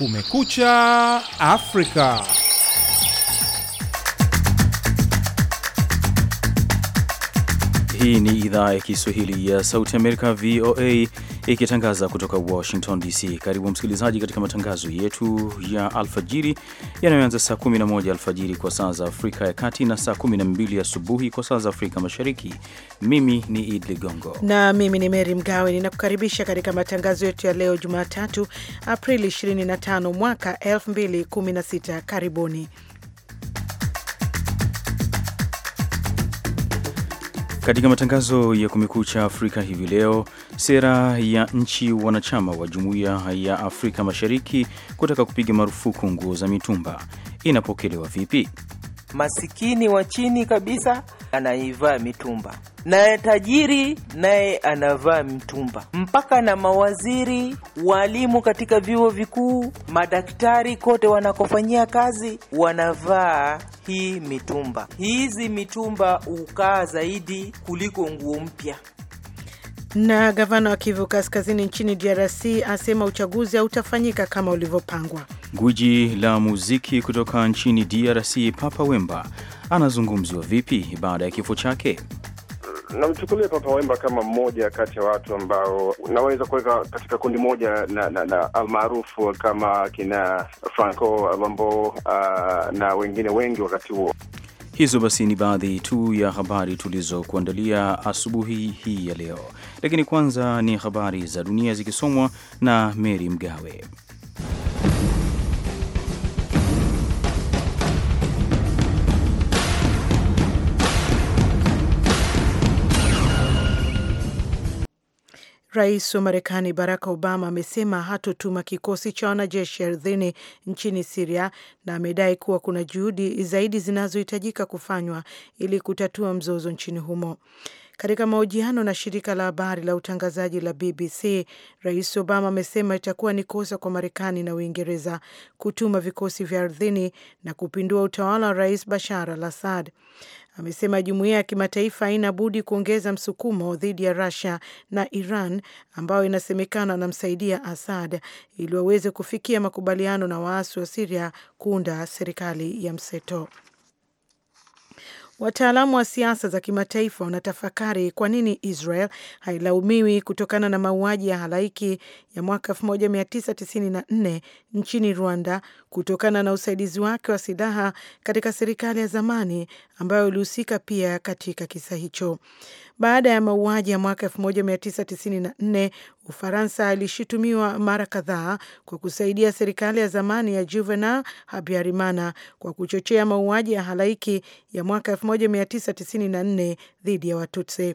Kumekucha Afrika. Hii ni idhaa ya Kiswahili ya Sauti Amerika, VOA ikitangaza kutoka Washington DC. Karibu msikilizaji, katika matangazo yetu ya alfajiri yanayoanza saa 11 alfajiri kwa saa za Afrika ya Kati na saa 12 asubuhi kwa saa za Afrika Mashariki. Mimi ni Id Ligongo na mimi ni Mary Mgawe, ninakukaribisha katika matangazo yetu ya leo Jumatatu, Aprili 25 mwaka 2016. Karibuni. Katika matangazo ya Kumekucha Afrika hivi leo, sera ya nchi wanachama wa Jumuiya ya Afrika Mashariki kutaka kupiga marufuku nguo za mitumba inapokelewa vipi? masikini wa chini kabisa anaivaa mitumba, naye tajiri naye anavaa mitumba, mpaka na mawaziri, walimu katika vyuo vikuu, madaktari, kote wanakofanyia kazi wanavaa hii mitumba. Hizi mitumba hukaa zaidi kuliko nguo mpya. Na gavana wa Kivu Kaskazini nchini DRC asema uchaguzi hautafanyika kama ulivyopangwa. Gwiji la muziki kutoka nchini DRC Papa Wemba anazungumziwa vipi baada ya kifo chake? Namchukulia Papa Wemba kama mmoja kati ya watu ambao naweza kuweka katika kundi moja na, na, na almaarufu kama kina Franco Lombo uh, ah, na wengine wengi wakati huo Hizo basi ni baadhi tu ya habari tulizokuandalia asubuhi hii ya leo, lakini kwanza ni habari za dunia zikisomwa na mery Mgawe. Rais wa Marekani Barack Obama amesema hatotuma kikosi cha wanajeshi ardhini nchini Siria na amedai kuwa kuna juhudi zaidi zinazohitajika kufanywa ili kutatua mzozo nchini humo. Katika mahojiano na shirika la habari la utangazaji la BBC, Rais Obama amesema itakuwa ni kosa kwa Marekani na Uingereza kutuma vikosi vya ardhini na kupindua utawala wa Rais Bashar al Assad amesema jumuiya ya kimataifa haina budi kuongeza msukumo dhidi ya rasia na Iran ambayo inasemekana anamsaidia Assad ili waweze kufikia makubaliano na waasi wa siria kuunda serikali ya mseto. Wataalamu wa siasa za kimataifa wanatafakari kwa nini Israel hailaumiwi kutokana na mauaji ya halaiki ya mwaka 1994 nchini Rwanda kutokana na usaidizi wake wa silaha katika serikali ya zamani ambayo ilihusika pia katika kisa hicho. Baada ya mauaji ya mwaka 1994, Ufaransa ilishutumiwa mara kadhaa kwa kusaidia serikali ya zamani ya Juvenal Habyarimana kwa kuchochea mauaji ya halaiki ya mwaka 1994 dhidi ya Watutsi.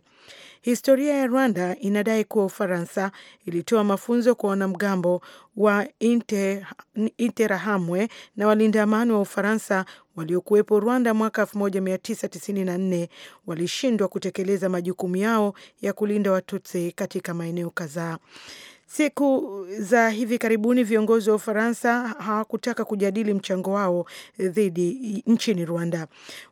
Historia ya Rwanda inadai kuwa Ufaransa ilitoa mafunzo kwa wanamgambo wa Interahamwe na walinda amani wa Ufaransa waliokuwepo Rwanda mwaka 1994 walishindwa kutekeleza majukumu yao ya kulinda Watutsi katika maeneo kadhaa. Siku za hivi karibuni viongozi wa Ufaransa hawakutaka kujadili mchango wao eh, dhidi nchini Rwanda.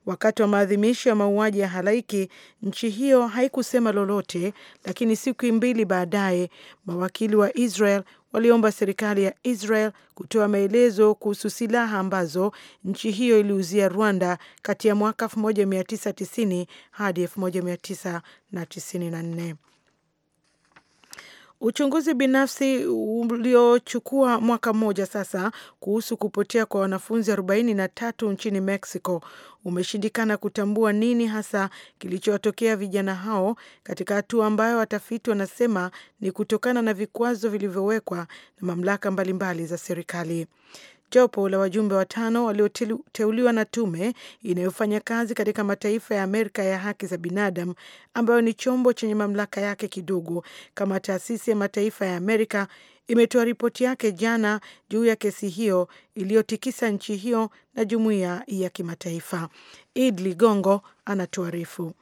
Wakati wa maadhimisho ya mauaji ya halaiki, nchi hiyo haikusema lolote, lakini siku mbili baadaye mawakili wa Israel waliomba serikali ya Israel kutoa maelezo kuhusu silaha ambazo nchi hiyo iliuzia Rwanda kati ya mwaka 1990 hadi 1994. Uchunguzi binafsi uliochukua mwaka mmoja sasa kuhusu kupotea kwa wanafunzi 43 nchini Mexico umeshindikana kutambua nini hasa kilichowatokea vijana hao, katika hatua ambayo watafiti wanasema ni kutokana na vikwazo vilivyowekwa na mamlaka mbalimbali za serikali. Jopo la wajumbe watano walioteuliwa na tume inayofanya kazi katika mataifa ya Amerika ya haki za binadamu, ambayo ni chombo chenye mamlaka yake kidogo kama taasisi ya mataifa ya Amerika, imetoa ripoti yake jana juu ya kesi hiyo iliyotikisa nchi hiyo na jumuiya ya kimataifa. Id Ligongo anatuarifu.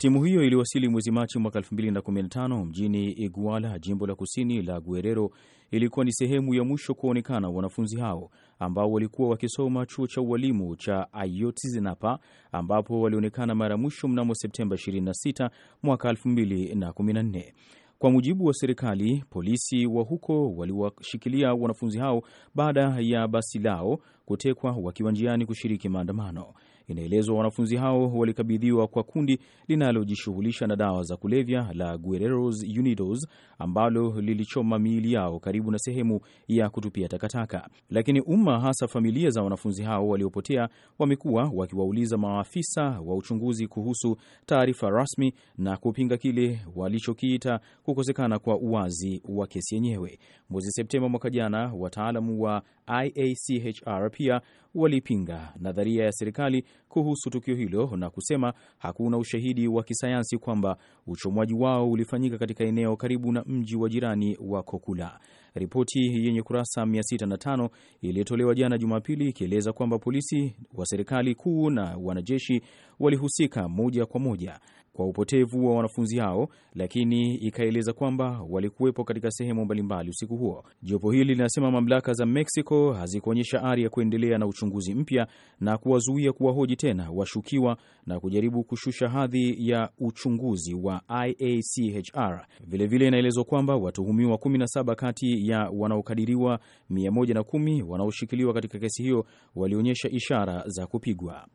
Timu hiyo iliwasili mwezi Machi mwaka 2015 mjini Iguala, jimbo la kusini la Guerrero. Ilikuwa ni sehemu ya mwisho kuonekana wanafunzi hao ambao walikuwa wakisoma chuo cha ualimu cha Ayotzinapa, ambapo walionekana mara mwisho mnamo Septemba 26 mwaka 2014. Kwa mujibu wa serikali, polisi wa huko waliwashikilia wanafunzi hao baada ya basi lao kutekwa wakiwa njiani kushiriki maandamano. Inaelezwa wanafunzi hao walikabidhiwa kwa kundi linalojishughulisha na dawa za kulevya la Guerreros Unidos ambalo lilichoma miili yao karibu na sehemu ya kutupia takataka. Lakini umma, hasa familia za wanafunzi hao waliopotea, wamekuwa wakiwauliza maafisa wa uchunguzi kuhusu taarifa rasmi na kupinga kile walichokiita kukosekana kwa uwazi wa kesi yenyewe. Mwezi Septemba mwaka jana, wataalamu wa IACHR pia walipinga nadharia ya serikali kuhusu tukio hilo na kusema hakuna ushahidi wa kisayansi kwamba uchomwaji wao ulifanyika katika eneo karibu na mji wa jirani wa Kokula. Ripoti yenye kurasa 605 iliyotolewa jana Jumapili ikieleza kwamba polisi wa serikali kuu na wanajeshi walihusika moja kwa moja kwa upotevu wa wanafunzi hao, lakini ikaeleza kwamba walikuwepo katika sehemu mbalimbali usiku huo. Jopo hili linasema mamlaka za Mexico hazikuonyesha ari ya kuendelea na uchunguzi mpya na kuwazuia kuwahoji tena washukiwa na kujaribu kushusha hadhi ya uchunguzi wa IACHR. Vilevile inaelezwa kwamba watuhumiwa 17 kati ya wanaokadiriwa 110 wanaoshikiliwa katika kesi hiyo walionyesha ishara za kupigwa.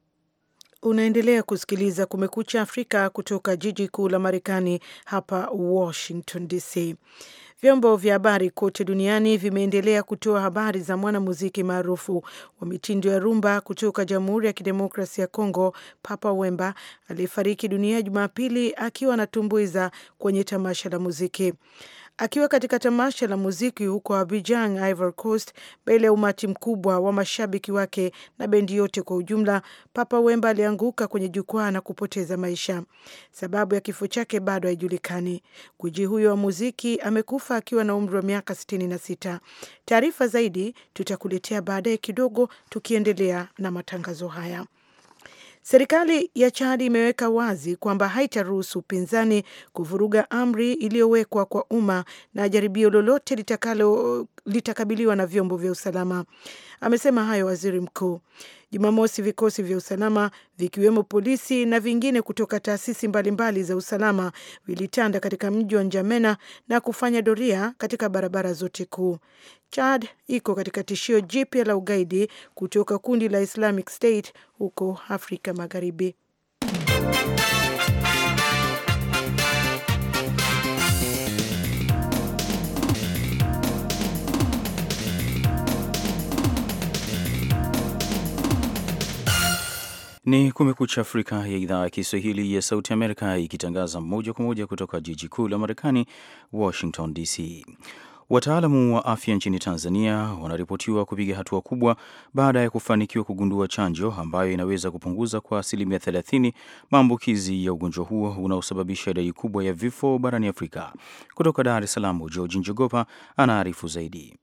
Unaendelea kusikiliza Kumekucha Afrika kutoka jiji kuu la Marekani, hapa Washington DC. Vyombo vya habari kote duniani vimeendelea kutoa habari za mwanamuziki maarufu wa mitindo ya rumba kutoka Jamhuri ya kidemokrasi ya Kongo, Papa Wemba, aliyefariki dunia Jumapili akiwa anatumbuiza kwenye tamasha la muziki. Akiwa katika tamasha la muziki huko Abidjan, Ivory Coast, mbele ya umati mkubwa wa mashabiki wake na bendi yote kwa ujumla, Papa Wemba alianguka kwenye jukwaa na kupoteza maisha. Sababu ya kifo chake bado haijulikani. Gwiji huyo wa muziki amekufa akiwa na umri wa miaka 66. Taarifa zaidi tutakuletea baadaye kidogo, tukiendelea na matangazo haya. Serikali ya Chadi imeweka wazi kwamba haitaruhusu upinzani kuvuruga amri iliyowekwa kwa umma na jaribio lolote litakalo litakabiliwa na vyombo vya usalama. Amesema hayo waziri mkuu. Jumamosi, vikosi vya usalama vikiwemo polisi na vingine kutoka taasisi mbalimbali za usalama vilitanda katika mji wa Njamena na kufanya doria katika barabara zote kuu. Chad iko katika tishio jipya la ugaidi kutoka kundi la Islamic State huko Afrika Magharibi. Ni Kumekucha Afrika ya idhaa ya Kiswahili ya Sauti Amerika, ikitangaza moja kwa moja kutoka jiji kuu la Marekani, Washington DC. Wataalamu wa afya nchini Tanzania wanaripotiwa kupiga hatua kubwa baada ya kufanikiwa kugundua chanjo ambayo inaweza kupunguza kwa asilimia 30 maambukizi ya ugonjwa huo unaosababisha idadi kubwa ya vifo barani Afrika. Kutoka Dar es Salaam, Georgi Njogopa anaarifu zaidi.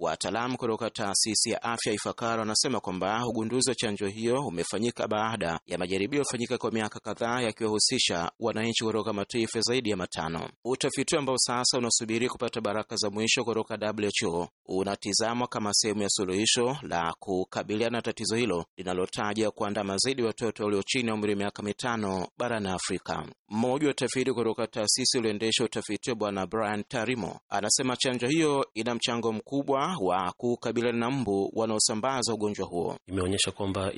Wataalamu kutoka taasisi ya afya Ifakara wanasema kwamba ugunduzi wa chanjo hiyo umefanyika baada ya majaribio yafanyika kwa miaka kadhaa yakiwahusisha wananchi kutoka mataifa zaidi ya matano. Utafiti ambao sasa unasubiri kupata baraka za mwisho kutoka WHO unatizamwa kama sehemu ya suluhisho la kukabiliana na tatizo hilo linalotaja kuandama zaidi watoto walio chini ya umri wa miaka mitano barani Afrika. Mmoja wa tafiti kutoka taasisi ulioendesha utafiti wa Bwana Brian Tarimo anasema chanjo hiyo ina mchango mkubwa wa kukabiliana na mbu wanaosambaza ugonjwa huo. Imeonyesha kwamba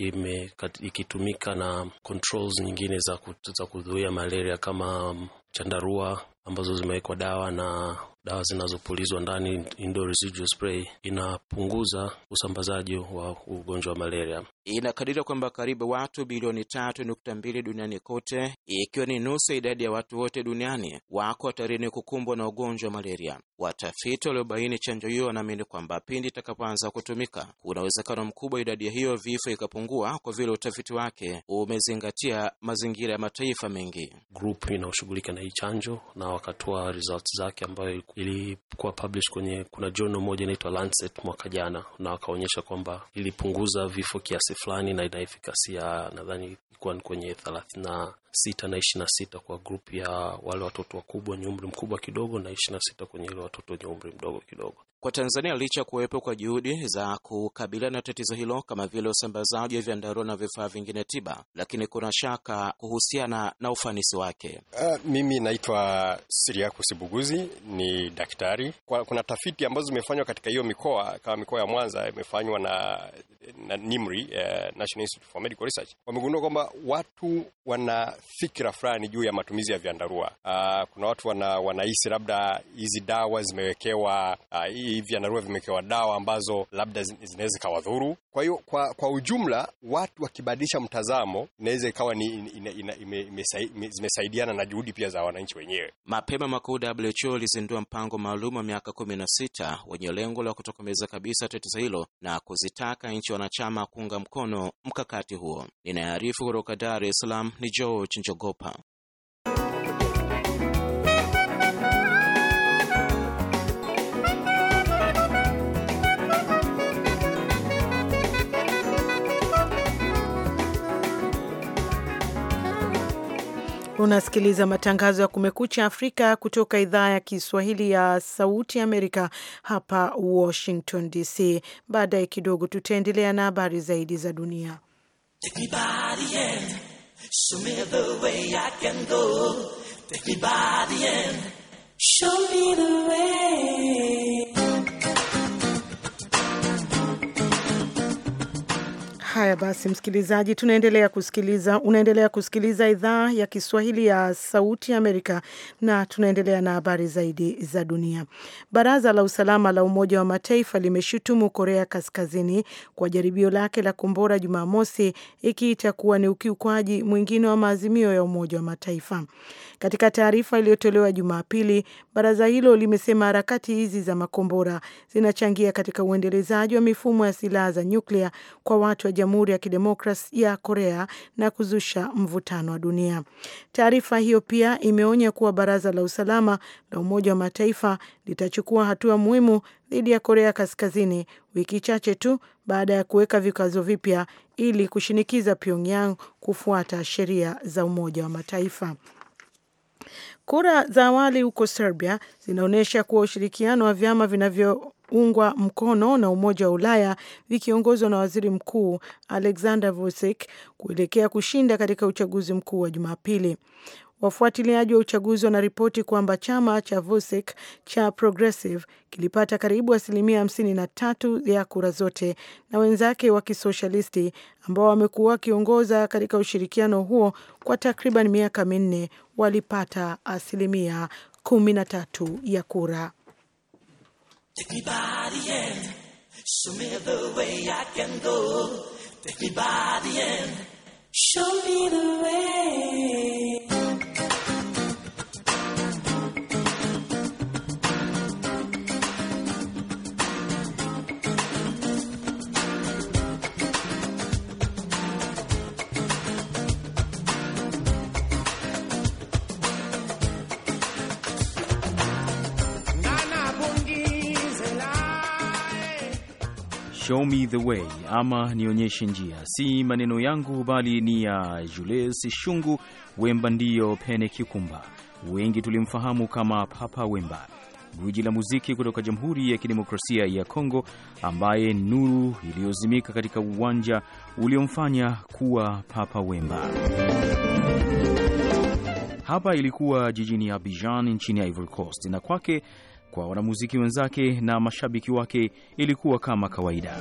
ikitumika na controls nyingine za, za kuzuia malaria kama mm, chandarua ambazo zimewekwa dawa na dawa zinazopulizwa ndani, indoor residual spray, inapunguza usambazaji wa ugonjwa wa malaria inakadiria kwamba karibu watu bilioni 3.2 duniani kote, ikiwa ni nusu idadi ya watu wote duniani, wako hatarini kukumbwa na ugonjwa wa malaria. Watafiti waliobaini chanjo hiyo wanaamini kwamba pindi itakapoanza kutumika, kuna uwezekano mkubwa idadi hiyo vifo ikapungua, kwa vile utafiti wake umezingatia mazingira ya mataifa mengi. Grupu inayoshughulika na hii chanjo na wakatoa results zake ambayo ilikuwa publish kwenye, kuna journal moja inaitwa Lancet mwaka jana, na wakaonyesha kwamba ilipunguza vifo kiasi kiasi fulani na ina ya nadhani ilikuwa ni kwenye thelathini na sita na ishirini na sita kwa grupu ya wale watoto wakubwa wenye umri mkubwa kidogo na ishirini na sita kwenye ile watoto wenye umri mdogo kidogo. Kwa Tanzania, licha ya kuwepo kwa juhudi za kukabiliana na tatizo hilo kama vile usambazaji wa vyandarua na vifaa vingine tiba, lakini kuna shaka kuhusiana na ufanisi wake. Uh, mimi naitwa Siriaku Sibuguzi, ni daktari. Kwa, kuna tafiti ambazo zimefanywa katika hiyo mikoa kama mikoa ya Mwanza imefanywa na, na NIMRI, uh, National Institute for Medical Research, wamegundua kwamba watu wana fikira fulani juu ya matumizi ya vyandarua. Uh, kuna watu wana, wanahisi labda hizi dawa zimewekewa ah, hivi uh, vyandarua vimewekewa dawa ambazo labda zinaweza ikawadhuru. Kwa hiyo kwa, kwa ujumla watu wakibadilisha mtazamo inaweza ikawa ni ina, ina, ime, ime, ime, zimesaidiana na juhudi pia za wananchi wenyewe. Mapema makuu WHO ilizindua mpango maalum wa miaka kumi na sita wenye lengo la kutokomeza kabisa tatizo hilo na kuzitaka nchi wanachama kuunga mkono mkakati huo. Ninaarifu kutoka Dar es Salaam ni George George Njogopa. Unasikiliza matangazo ya Kumekucha Afrika kutoka idhaa ya Kiswahili ya Sauti Amerika hapa Washington DC. Baadaye kidogo tutaendelea na habari zaidi za dunia. Show me the way I can go. Take me by the end. Show me the way. Haya basi, msikilizaji, tunaendelea kusikiliza, unaendelea kusikiliza idhaa ya Kiswahili ya Sauti Amerika, na tunaendelea na habari zaidi za dunia. Baraza la Usalama la Umoja wa Mataifa limeshutumu Korea Kaskazini kwa jaribio lake la kombora Jumamosi, ikiita kuwa ni ukiukwaji mwingine wa maazimio ya Umoja wa Mataifa. Katika taarifa iliyotolewa Jumapili, baraza hilo limesema harakati hizi za makombora zinachangia katika uendelezaji wa mifumo ya silaha za nyuklia kwa watu wa Jamhuri ya Kidemokrasi ya Korea na kuzusha mvutano wa dunia. Taarifa hiyo pia imeonya kuwa Baraza la Usalama la Umoja wa Mataifa litachukua hatua muhimu dhidi ya Korea Kaskazini wiki chache tu baada ya kuweka vikwazo vipya ili kushinikiza Pyongyang kufuata sheria za Umoja wa Mataifa. Kura za awali huko Serbia zinaonyesha kuwa ushirikiano wa vyama vinavyoungwa mkono na Umoja wa Ulaya vikiongozwa na Waziri Mkuu Alexander Vucic kuelekea kushinda katika uchaguzi mkuu wa Jumapili. Wafuatiliaji wa uchaguzi wanaripoti kwamba chama cha Vusik cha Progressive kilipata karibu asilimia tatu ya kura zote na wenzake wa kisoshalisti ambao wamekuwa wakiongoza katika ushirikiano huo kwa takriban miaka minne walipata asilimia tatu ya kura. Show me the way. Show me the way ama nionyeshe njia, si maneno yangu bali ni ya jules Shungu Wemba, ndiyo Pene Kikumba, wengi tulimfahamu kama Papa Wemba, gwiji la muziki kutoka Jamhuri ya Kidemokrasia ya Kongo, ambaye nuru iliyozimika katika uwanja uliomfanya kuwa Papa Wemba. Hapa ilikuwa jijini Abidjan nchini Ivory Coast, na kwake kwa wanamuziki wenzake na mashabiki wake ilikuwa kama kawaida.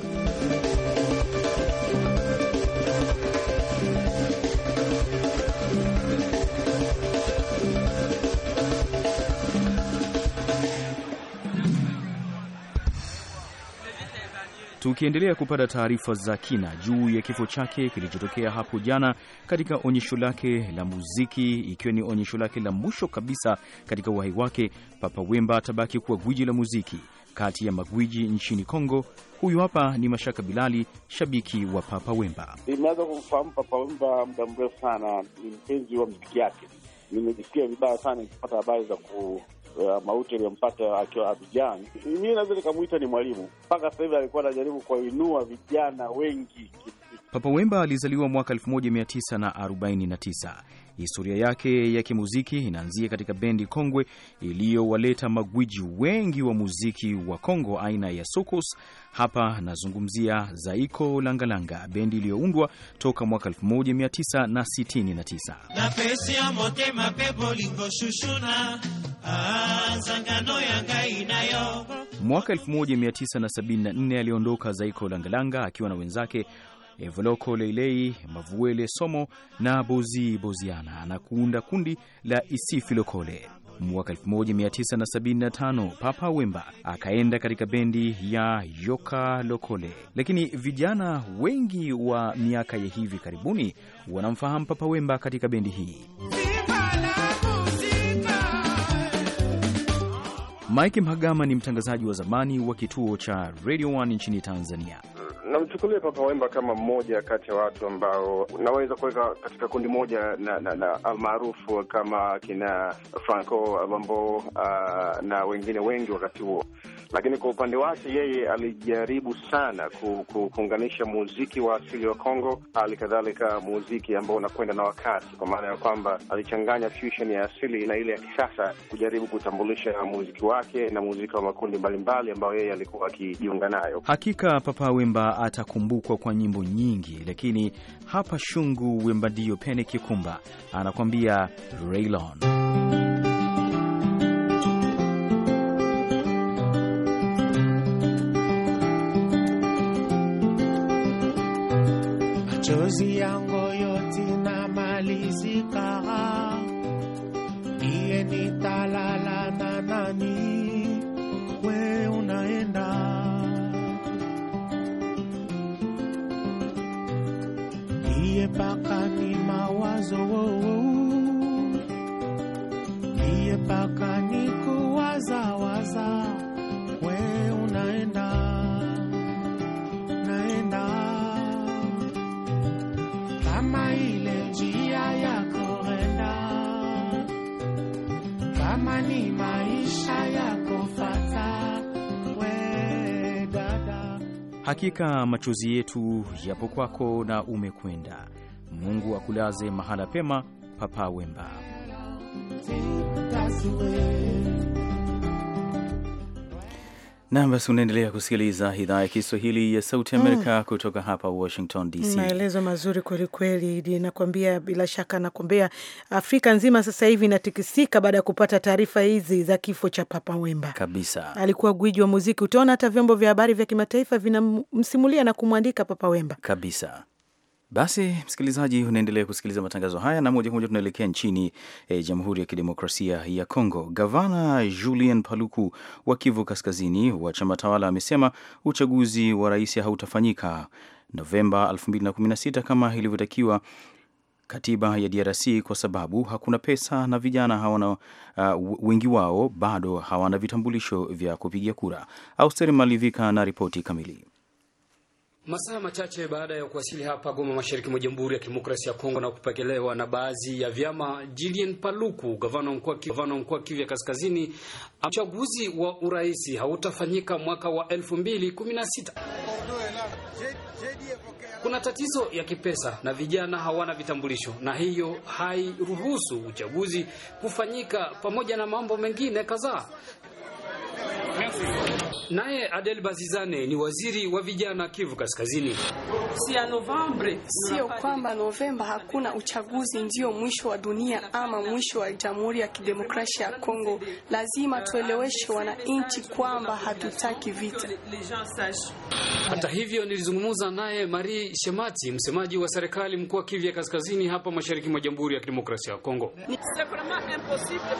Tukiendelea kupata taarifa za kina juu ya kifo chake kilichotokea hapo jana katika onyesho lake la muziki, ikiwa ni onyesho lake la mwisho kabisa katika uhai wake, Papa Wemba atabaki kuwa gwiji la muziki kati ya magwiji nchini Kongo. Huyu hapa ni Mashaka Bilali, shabiki wa Papa Wemba. Nimeweza kumfahamu Papa Wemba muda mrefu sana, ni mpenzi wa muziki yake. Nimejisikia vibaya sana nikipata habari za ku uh, mauti aliyompata akiwa Abijani, mi naweza nikamwita ni mwalimu. Mpaka sasa hivi alikuwa anajaribu kuwainua vijana wengi. Papa Wemba alizaliwa mwaka 1949. Historia yake ya kimuziki inaanzia katika bendi kongwe iliyowaleta magwiji wengi wa muziki wa Kongo aina ya sokos. Hapa nazungumzia Zaiko Langalanga, bendi iliyoundwa toka mwaka 1969 na pesi ya motema pe bolingo Mwaka 1974 aliondoka Zaiko Langalanga akiwa na wenzake Evoloko Leilei, Mavuele Somo na Bozi Boziana na kuunda kundi la Isifilokole. Mwaka 1975 Papa Wemba akaenda katika bendi ya Yoka Lokole, lakini vijana wengi wa miaka ya hivi karibuni wanamfahamu Papa Wemba katika bendi hii. Mike Mhagama ni mtangazaji wa zamani wa kituo cha Radio 1 nchini Tanzania. Namchukulia Papa Wemba kama mmoja kati ya watu ambao naweza kuweka katika kundi moja na, na, na almaarufu kama kina Franco Lombo uh, ah, na wengine wengi wakati huo lakini kwa upande wake yeye alijaribu sana ku, kuunganisha muziki wa asili wa Kongo, hali kadhalika muziki ambao unakwenda na wakati, kwa maana ya kwamba alichanganya fusion ya asili na ile ya kisasa kujaribu kutambulisha muziki wake na muziki wa makundi mbalimbali ambayo yeye alikuwa akijiunga nayo. Hakika Papa Wemba atakumbukwa kwa nyimbo nyingi, lakini hapa Shungu Wemba ndiyo pene Kikumba anakuambia Raylon 夕阳。Yaani maisha yako fata we dada. Hakika machozi yetu yapo kwako na umekwenda. Mungu akulaze mahala pema, Papa Wemba. Nam, basi unaendelea kusikiliza idhaa ya Kiswahili ya Sauti mm. Amerika mm. kutoka hapa Washington DC. Maelezo mazuri kwelikweli kweli, nakwambia. Bila shaka nakwambia, Afrika nzima sasa hivi inatikisika baada ya kupata taarifa hizi za kifo cha Papa Wemba. Kabisa, alikuwa gwiji wa muziki. Utaona hata vyombo vya habari vya kimataifa vinamsimulia na kumwandika Papa Wemba. Kabisa. Basi msikilizaji, unaendelea kusikiliza matangazo haya na moja kwa moja tunaelekea nchini e, Jamhuri ya Kidemokrasia ya Kongo. Gavana Julien Paluku wa Kivu Kaskazini wa chama tawala amesema uchaguzi wa rais hautafanyika Novemba 2016 kama ilivyotakiwa katiba ya DRC kwa sababu hakuna pesa na vijana hawana uh, wengi wao bado hawana vitambulisho vya kupigia kura. Austeri Malivika na ripoti kamili. Masaa machache baada ya kuwasili hapa Goma, mashariki mwa Jamhuri ya Kidemokrasia ya Kongo na kupokelewa na baadhi ya vyama, Julien Paluku, gavana mkuu wa Kivu ya Kaskazini, uchaguzi wa urais hautafanyika mwaka wa 2016. Kuna tatizo ya kipesa na vijana hawana vitambulisho, na hiyo hairuhusu uchaguzi kufanyika, pamoja na mambo mengine kadhaa. Naye Adel Bazizane ni waziri wa vijana Kivu Kaskazini. Sio kwamba Novemba hakuna uchaguzi ndio mwisho wa dunia ama mwisho wa Jamhuri ya Kidemokrasia ya Kongo. Lazima tueleweshe wananchi kwamba hatutaki vita. Hata hivyo, nilizungumza naye Marie Shemati, msemaji wa serikali mkuu wa Kivu ya Kaskazini hapa mashariki mwa Jamhuri ya Kidemokrasia ya Kongo.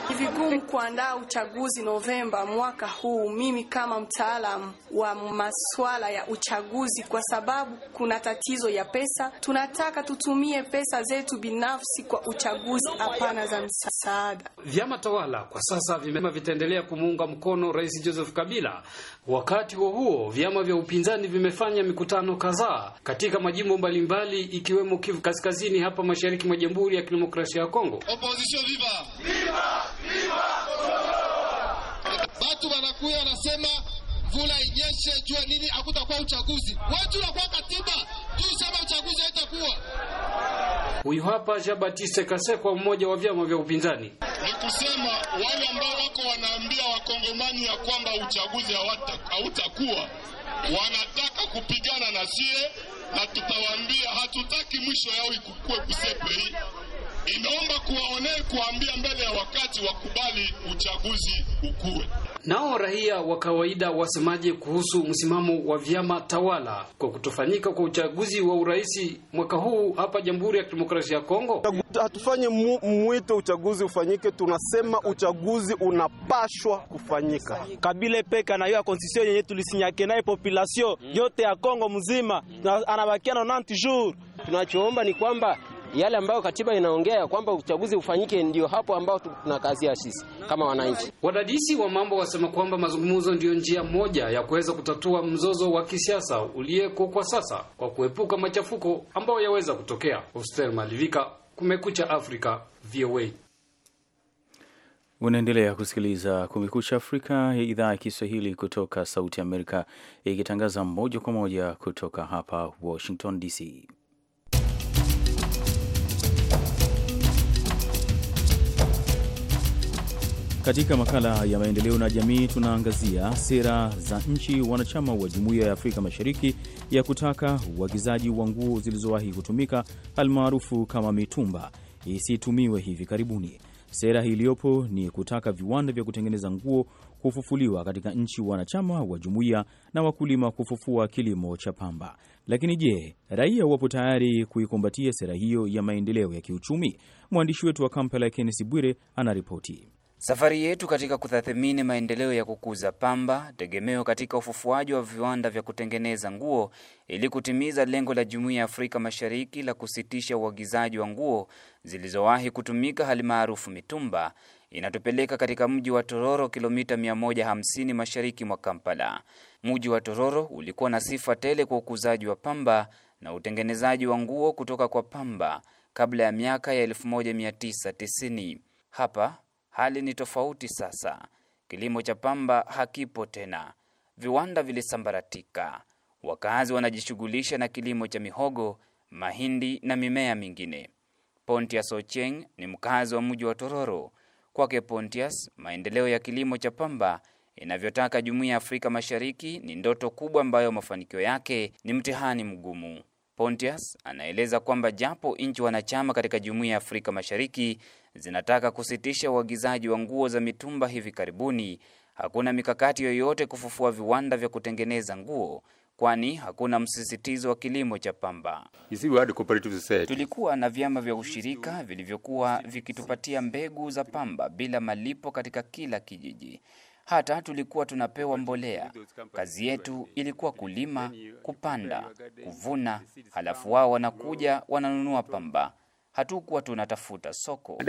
Ni vigumu kuandaa uchaguzi Novemba mwaka huu. Mimi kama mtaalam wa masuala ya uchaguzi, kwa sababu kuna tatizo ya pesa. Tunataka tutumie pesa zetu binafsi kwa uchaguzi, hapana za msaada. Vyama tawala kwa sasa vimema vitaendelea kumuunga mkono Rais Joseph Kabila. Wakati huo huo, vyama vya upinzani vimefanya mikutano kadhaa katika majimbo mbalimbali ikiwemo Kivu Kaskazini, hapa mashariki mwa Jamhuri ya Kidemokrasia ya Kongo. Opposition viva! Viva! Viva! Watu wanakuya wanasema mvula inyeshe, jua nini, hakutakuwa uchaguzi. Watu nakuwa katiba juu sema uchaguzi haitakuwa. Huyu hapa Jean Baptiste Kasekwa, mmoja wa vyama vya upinzani, ni kusema wale ambao wako wanaambia wakongomani ya kwamba uchaguzi hautakuwa, wanataka kupigana na sie, na tutawaambia hatutaki mwisho yao ikukue kusepe hii Ninaomba kuwaonee kuambia mbele ya wakati wakubali uchaguzi ukuwe. Nao raia wa kawaida wasemaje kuhusu msimamo wa vyama tawala kwa kutofanyika kwa uchaguzi wa urais mwaka huu hapa Jamhuri ya Kidemokrasia ya Kongo? Hatufanye mwito uchaguzi ufanyike, tunasema uchaguzi unapashwa kufanyika. Kabila peka na hiyo constitution yenye tulisinyake naye population mm. yote ya Kongo mzima anabakia na 90 jours. Tunachoomba ni kwamba yale ambayo katiba inaongea ya kwamba uchaguzi ufanyike, ndio hapo ambao tuna ya sisi kama wananchi. Wadadisi wa mambo wasema kwamba mazungumzo ndiyo njia moja ya kuweza kutatua mzozo wa kisiasa uliyeko kwa sasa kwa kuepuka machafuko ambayo yaweza kutokea. Hoster Malivika, Kumekucha Afrika, VOA. Unaendelea kusikiliza Kumekucha Afrika ya idhaa ya Kiswahili kutoka Sauti Amerika, ikitangaza moja kwa moja kutoka hapa Washington DC. Katika makala ya maendeleo na jamii tunaangazia sera za nchi wanachama wa Jumuiya ya Afrika Mashariki ya kutaka uagizaji wa nguo zilizowahi kutumika almaarufu kama mitumba isitumiwe hivi karibuni. Sera iliyopo ni kutaka viwanda vya kutengeneza nguo kufufuliwa katika nchi wanachama wa jumuiya na wakulima kufufua kilimo cha pamba. Lakini je, raia wapo tayari kuikumbatia sera hiyo ya maendeleo ya kiuchumi? Mwandishi wetu wa Kampala, Kennesi Bwire, anaripoti. Safari yetu katika kutathmini maendeleo ya kukuza pamba tegemeo katika ufufuaji wa viwanda vya kutengeneza nguo ili kutimiza lengo la Jumuiya ya Afrika Mashariki la kusitisha uagizaji wa nguo zilizowahi kutumika hali maarufu mitumba inatupeleka katika mji wa Tororo, kilomita 150 mashariki mwa Kampala. Mji wa Tororo ulikuwa na sifa tele kwa ukuzaji wa pamba na utengenezaji wa nguo kutoka kwa pamba kabla ya miaka ya 1990. Hapa Hali ni tofauti sasa, kilimo cha pamba hakipo tena, viwanda vilisambaratika, wakazi wanajishughulisha na kilimo cha mihogo, mahindi na mimea mingine. Pontius Ocheng ni mkazi wa mji wa Tororo. Kwake Pontius, maendeleo ya kilimo cha pamba inavyotaka jumuiya ya Afrika Mashariki ni ndoto kubwa ambayo mafanikio yake ni mtihani mgumu. Pontius anaeleza kwamba japo nchi wanachama katika Jumuiya ya Afrika Mashariki zinataka kusitisha uagizaji wa nguo za mitumba hivi karibuni, hakuna mikakati yoyote kufufua viwanda vya kutengeneza nguo kwani hakuna msisitizo wa kilimo cha pamba. Tulikuwa na vyama vya ushirika vilivyokuwa vikitupatia mbegu za pamba bila malipo katika kila kijiji hata tulikuwa tunapewa mbolea. Kazi yetu ilikuwa kulima, kupanda, kuvuna, halafu wao wanakuja wananunua pamba. Hatukuwa tunatafuta soko.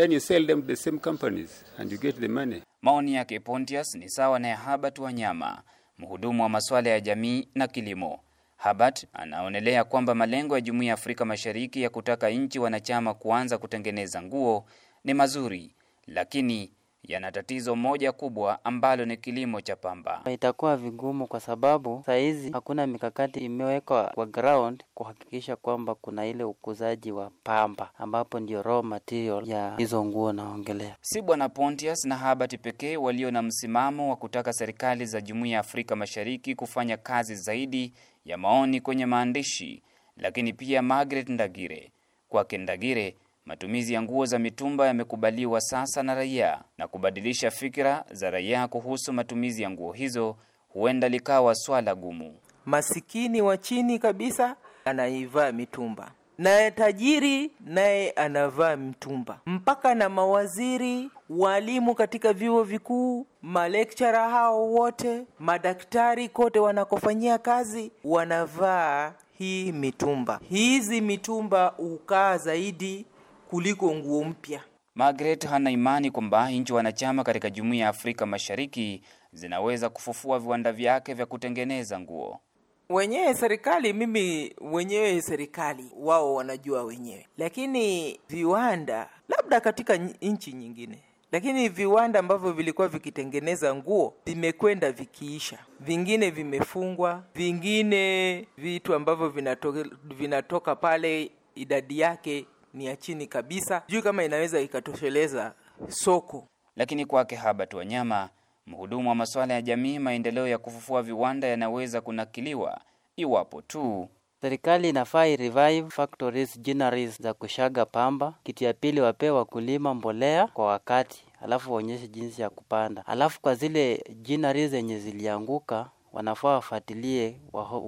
Maoni yake Pontius ni sawa na ya Habat Wanyama, mhudumu wa masuala ya jamii na kilimo. Habat anaonelea kwamba malengo ya Jumuiya ya Afrika Mashariki ya kutaka nchi wanachama kuanza kutengeneza nguo ni mazuri, lakini yana tatizo moja kubwa ambalo ni kilimo cha pamba. Itakuwa vigumu kwa sababu sahizi hakuna mikakati imewekwa kwa ground kuhakikisha kwamba kuna ile ukuzaji wa pamba ambapo ndio raw material ya hizo nguo naongelea. Si Bwana Pontius na Habati pekee walio na msimamo wa kutaka serikali za Jumuiya ya Afrika Mashariki kufanya kazi zaidi ya maoni kwenye maandishi, lakini pia Margaret Ndagire. Kwake Ndagire Matumizi ya nguo za mitumba yamekubaliwa sasa na raia na kubadilisha fikra za raia kuhusu matumizi ya nguo hizo huenda likawa swala gumu. Masikini wa chini kabisa anaivaa mitumba, naye tajiri naye anavaa mtumba, mpaka na mawaziri, walimu katika vyuo vikuu, malekchara hao wote, madaktari kote wanakofanyia kazi wanavaa hii mitumba. Hizi mitumba hukaa zaidi kuliko nguo mpya. Margaret hana imani kwamba nchi wanachama katika Jumuiya ya Afrika Mashariki zinaweza kufufua viwanda vyake vya kutengeneza nguo wenyewe serikali. Mimi wenyewe serikali wao wanajua wenyewe, lakini viwanda labda katika nchi nyingine, lakini viwanda ambavyo vilikuwa vikitengeneza nguo vimekwenda vikiisha, vingine vimefungwa, vingine vitu ambavyo vinatoka, vinatoka pale idadi yake ni ya chini kabisa, sijui kama inaweza ikatosheleza soko. Lakini kwake Habat Wanyama, mhudumu wa masuala ya jamii maendeleo ya kufufua viwanda yanaweza kunakiliwa iwapo tu serikali inafaa revive factories ginneries za kushaga pamba. Kitu ya pili, wapee wakulima mbolea kwa wakati, alafu waonyeshe jinsi ya kupanda, alafu kwa zile ginneries zenye zilianguka wanafaa wafuatilie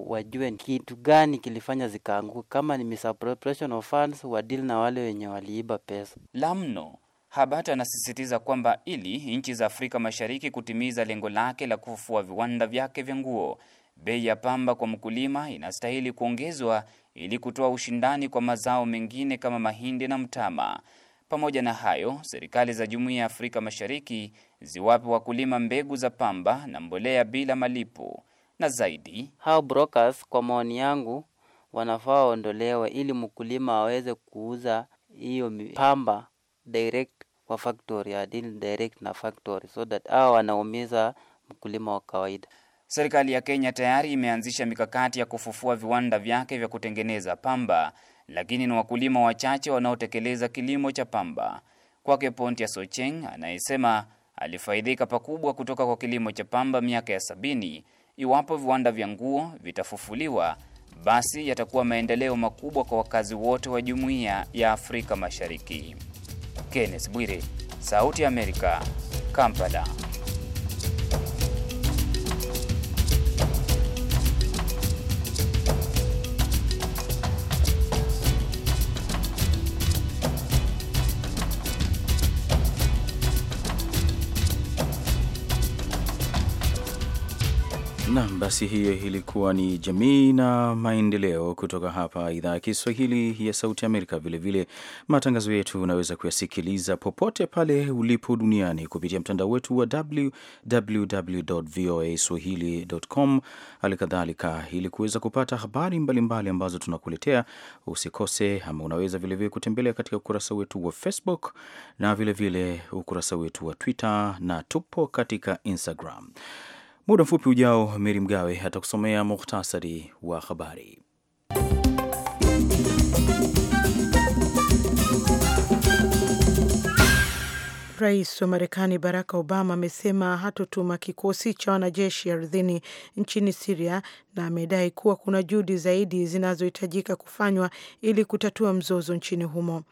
wajue kitu gani kilifanya zikaanguka. Kama ni misappropriation of funds, wadili na wale wenye waliiba pesa. Lamno Habata anasisitiza kwamba ili nchi za Afrika Mashariki kutimiza lengo lake la kufufua viwanda vyake vya nguo, bei ya pamba kwa mkulima inastahili kuongezwa ili kutoa ushindani kwa mazao mengine kama mahindi na mtama. Pamoja na hayo, serikali za Jumuiya ya Afrika Mashariki ziwape wakulima mbegu za pamba na mbolea bila malipo. Na zaidi, hao brokers kwa maoni yangu wanafaa waondolewe ili mkulima aweze kuuza hiyo pamba direct kwa factory ya deal direct na factory so that hao wanaumiza mkulima wa kawaida. Serikali ya Kenya tayari imeanzisha mikakati ya kufufua viwanda vyake vya kutengeneza pamba lakini ni wakulima wachache wanaotekeleza kilimo cha pamba. Kwake Pontius Socheng anayesema alifaidhika pakubwa kutoka kwa kilimo cha pamba miaka ya sabini. Iwapo viwanda vya nguo vitafufuliwa, basi yatakuwa maendeleo makubwa kwa wakazi wote wa jumuiya ya Afrika Mashariki. Kenneth Bwire, Sauti ya Amerika, Kampala. Nam, basi hiyo ilikuwa ni jamii na maendeleo kutoka hapa idhaa ya Kiswahili ya Sauti Amerika. Vilevile matangazo yetu unaweza kuyasikiliza popote pale ulipo duniani kupitia mtandao wetu wa www voa swahili.com. Hali kadhalika, ili kuweza kupata habari mbalimbali mbali ambazo tunakuletea usikose, ama unaweza vilevile kutembelea katika ukurasa wetu wa Facebook na vilevile vile ukurasa wetu wa Twitter na tupo katika Instagram. Muda mfupi ujao, Meri Mgawe atakusomea muhtasari wa habari. Rais wa Marekani Barack Obama amesema hatotuma kikosi cha wanajeshi ardhini nchini Siria na amedai kuwa kuna juhudi zaidi zinazohitajika kufanywa ili kutatua mzozo nchini humo.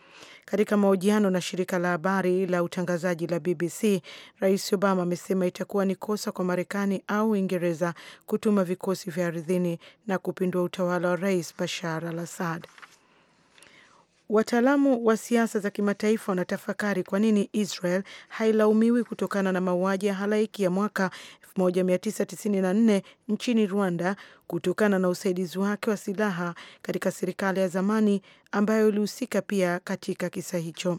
Katika mahojiano na shirika la habari la utangazaji la BBC, Rais Obama amesema itakuwa ni kosa kwa Marekani au Uingereza kutuma vikosi vya ardhini na kupindua utawala wa Rais Bashar al Assad. Wataalamu wa siasa za kimataifa wanatafakari kwa nini Israel hailaumiwi kutokana na mauaji ya halaiki ya mwaka 1994 nchini Rwanda kutokana na usaidizi wake wa silaha katika serikali ya zamani ambayo ilihusika pia katika kisa hicho.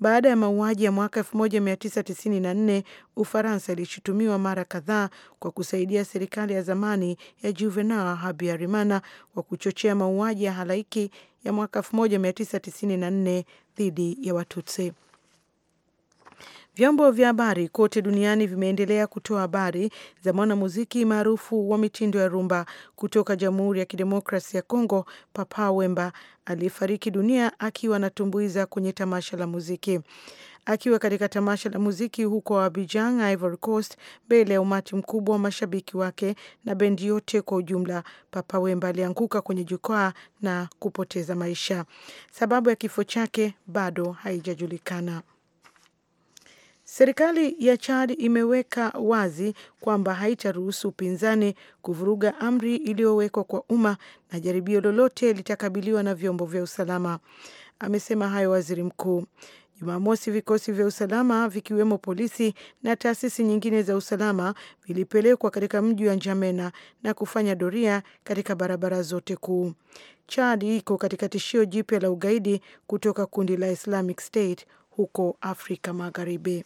Baada ya mauaji ya mwaka 1994, Ufaransa ilishutumiwa mara kadhaa kwa kusaidia serikali ya zamani ya Juvenal Habyarimana kwa kuchochea mauaji ya halaiki ya mwaka 1994 dhidi ya Watutsi. Vyombo vya habari kote duniani vimeendelea kutoa habari za mwanamuziki maarufu wa mitindo ya rumba kutoka Jamhuri ya Kidemokrasi ya Kongo, Papa Wemba aliyefariki dunia akiwa anatumbuiza kwenye tamasha la muziki akiwa katika tamasha la muziki huko Abidjan, Ivory Coast, mbele ya umati mkubwa wa mashabiki wake na bendi yote kwa ujumla. Papa Wemba alianguka kwenye jukwaa na kupoteza maisha. Sababu ya kifo chake bado haijajulikana. Serikali ya Chad imeweka wazi kwamba haitaruhusu upinzani kuvuruga amri iliyowekwa kwa umma na jaribio lolote litakabiliwa na vyombo vya usalama. Amesema hayo waziri mkuu. Jumamosi, vikosi vya usalama vikiwemo polisi na taasisi nyingine za usalama vilipelekwa katika mji wa Njamena na kufanya doria katika barabara zote kuu. Chad iko katika tishio jipya la ugaidi kutoka kundi la Islamic State huko Afrika Magharibi.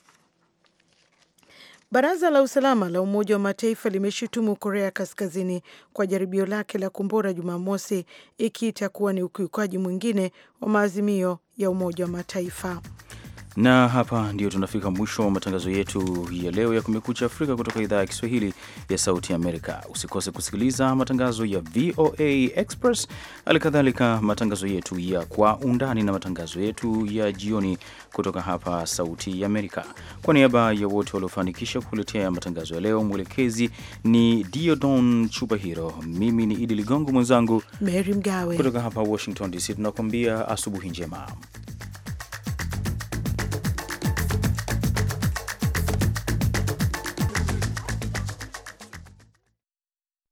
Baraza la usalama la Umoja wa Mataifa limeshutumu Korea Kaskazini kwa jaribio lake la kumbora Jumamosi, ikiita kuwa ni ukiukaji mwingine wa maazimio ya Umoja wa Mataifa. Na hapa ndio tunafika mwisho wa matangazo yetu ya leo ya Kumekucha Afrika kutoka idhaa ya Kiswahili ya Sauti Amerika. Usikose kusikiliza matangazo ya VOA Express, hali kadhalika matangazo yetu ya Kwa Undani na matangazo yetu ya jioni kutoka hapa Sauti ya Amerika. Kwa niaba ya wote waliofanikisha kukuletea matangazo ya leo, mwelekezi ni Diodon hiro mimi ni Idi Ligongo, mwenzangu Mary Mgawe kutoka hapa Washington DC, tunakuambia asubuhi njema.